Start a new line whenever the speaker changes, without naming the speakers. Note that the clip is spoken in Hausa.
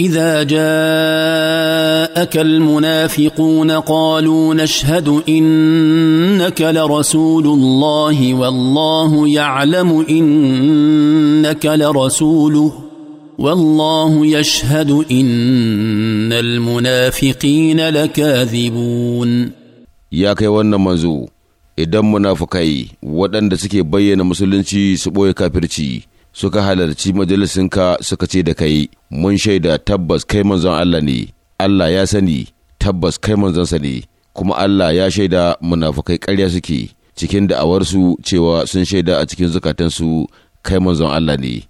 اذا جاءك المنافقون قالوا نشهد انك لرسول الله والله يعلم انك لرسوله والله يشهد ان المنافقين لكاذبون
يا kai wannan manzo idan munafukai waɗanda suke bayyana musulunci su ɓoye kafirci suka halarci majalisinka suka ce da kai mun shaida tabbas kai manzon Allah ne Allah ya sani tabbas kai manzon sa ne kuma Allah ya shaida munafukai ƙarya suke cikin da'awarsu cewa sun shaida a cikin
zukatansu kai manzon Allah ne